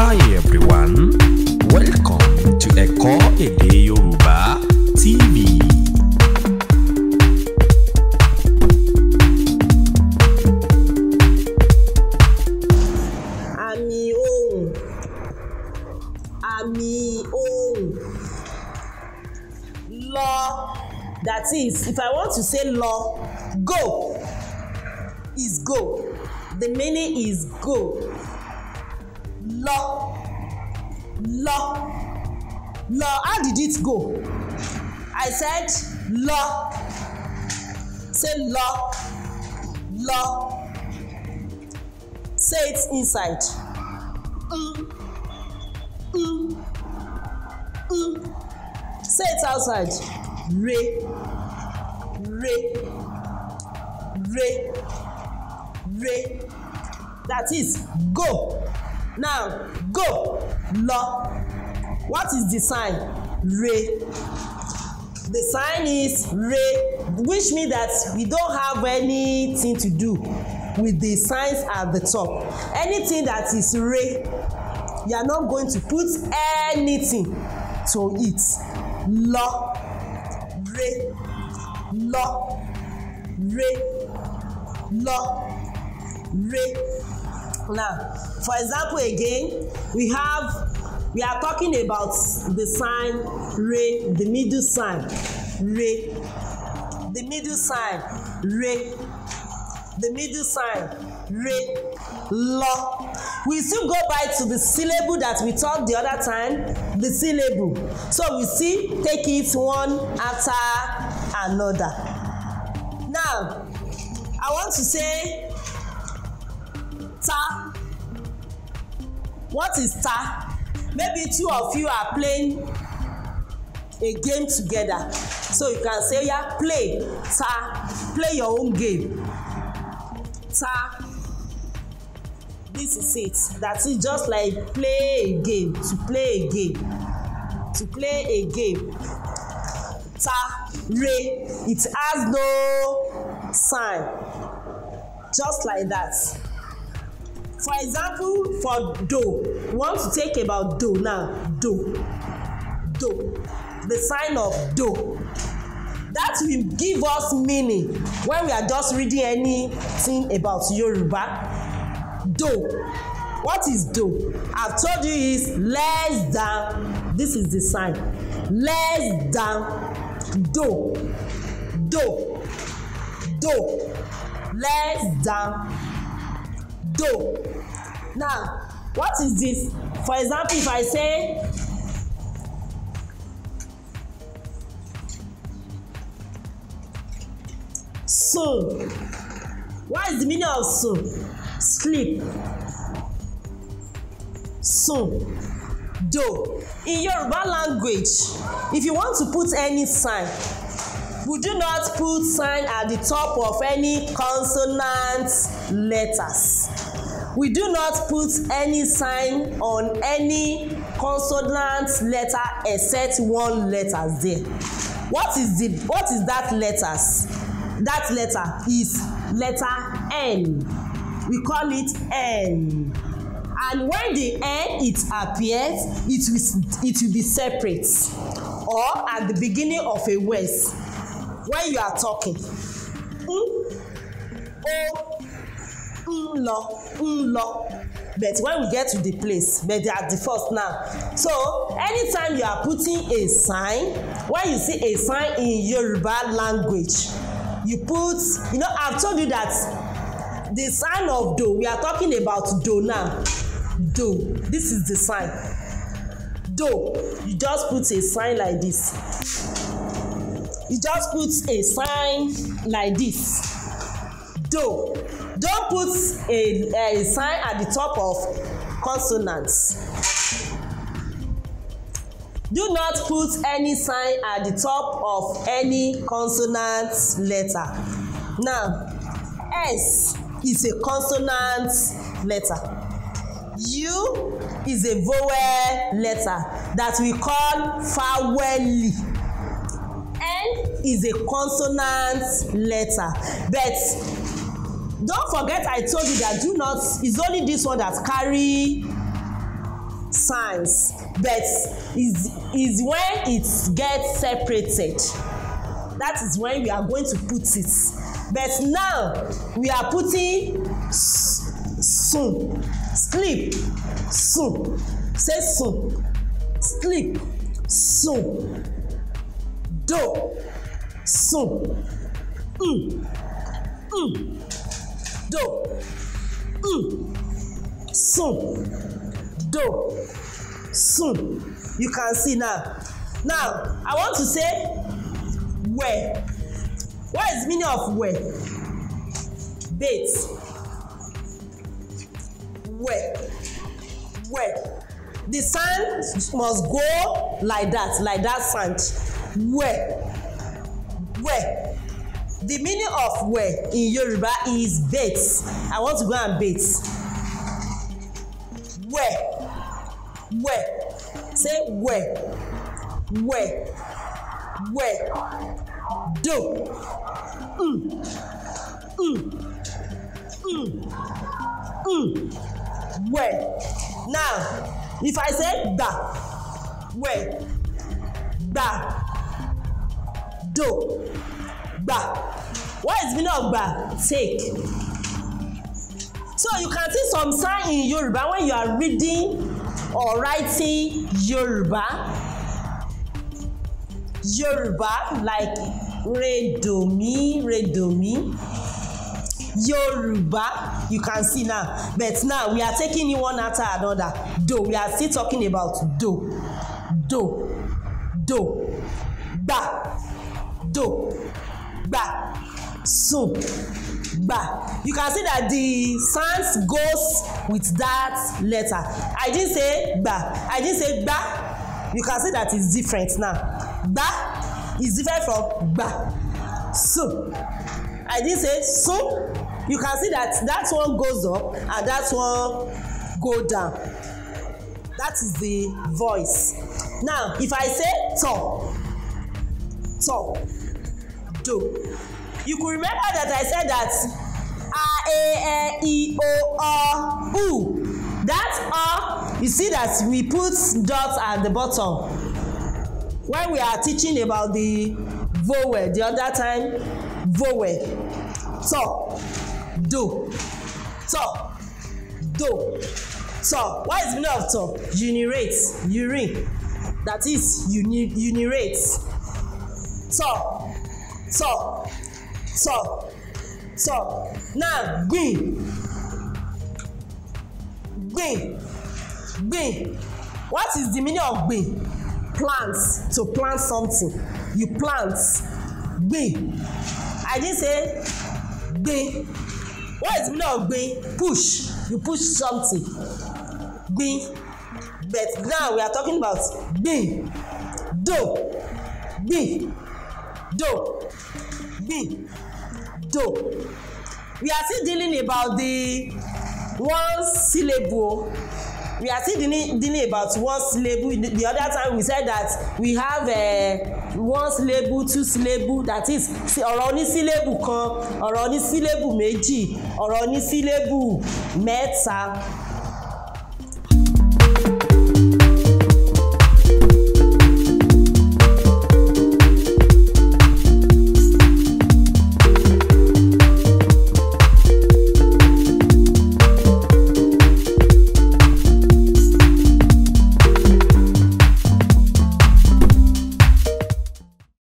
Hi everyone, welcome to Ẹ̀kọ́ Èdè Yorùbá TV. Àmì ohùn àmì ohùn lọ that is if I want to say lọ go is go the meaning is go lọ lọ lọ how did it go I said lọ say lọ lọ say it inside mm, mm, mm. say it outside re re re re that is go now go Lo. what is the sign re the sign is re which mean that we don't have anything to do with the signs at the top anything that is re you are not going to put anything to it Lo. re Lo. re Lo. re. Now, for example, again, we have we are talking about the sign re, the middle sign re, the middle sign re, the middle sign re, lo. We still go back to the syllable that we taught the other time, the syllable. So we see take it one after another. Now, I want to say ta what is ta maybe two of you are playing a game together so you can say yeah, play ta play your own game ta this is it that is just like play a game to play a game to play a game ta re it has no sign just like that for example for dough we want to take about dough now dough dough the sign of dough that will give us meaning when we are just reading anything about Yoruba dough what is dough I've told you is less than this is the sign less than dough dough dough less than dough now what is this for example if i say soon what is the meaning of soon sleep soon do in yoruba language if you want to put any sign we do not put sign at the top of any consonant letters we do not put any sign on any consonant letter except one letter there what is the what is that letters that letter is letter n we call it n and when the n it appears it will it will be separate or at the beginning of a word when you are talking n o n lọ open law but when we get to the place but they are the first now so anytime you are putting a sign when you see a sign in yoruba language you put you know i told you that the sign of do we are talking about do now do this is the sign do you just put a sign like this you just put a sign like this dough don put a, a sign at the top of consonants do not put any sign at the top of any consonant letter now s is a consonant letter u is a vowel letter that we call vowelly n is a consonant letter but don't forget i told you that do not it's only this one that carry signs but is is when it gets separated that is when we are going to put it but now we are putting soon sleep soon say soon sleep soon do soon mm mm do mm. um sùn do sùn you can see now now i want to say where. what is the meaning of where? Bet. Where? Where? the sand must go like that like that sand Where? Where? The meaning of wẹ̀ in Yoruba is bet. I want to go and bet. Wẹ̀ wẹ̀ say wẹ̀ wẹ̀ wẹ̀ do mm mm mm mm wẹ̀ now if I say gbà wẹ̀ gbà do gbà Why is meaning of gbà take so you can see some sign in Yoruba when you are reading or writing Yoruba Yoruba like redomi redomi Yoruba you can see now but now we are taking it one after another do we are still talking about do do do gba do gba so gba you can see that the sound goes with that letter i didn't say gba i didn't say gba you can see that it's different now gba is different from gba so i didn't say so you can see that that one goes up and that one go down that is the voice now if i say to to do. You could remember that I said that a, a, e, e, o, o, u. That o, you see that we put dots at the bottom. When we are teaching about the vowel, the other time, vowel. So, do. So, do. So, what is the meaning of to? Generate, urine. That is, uni, unirate. So, sọ sọ sọ náà gbìn gbìn gbìn what is the meaning of gbìn plant to plant something you plant gbìn i dey say gbìn what is the meaning of gbìn push you push something gbìn but now we are talking about gbìn Do gbìn. Do, b do. we are still dealing about the one syllable we are still dealing, dealing about one syllable the, other time we said that we have uh, one syllable two syllable that is ọ̀rọ̀ syllable, kan ọ̀rọ̀ onísílébù méjì ọ̀rọ̀ onísílébù mẹ́ta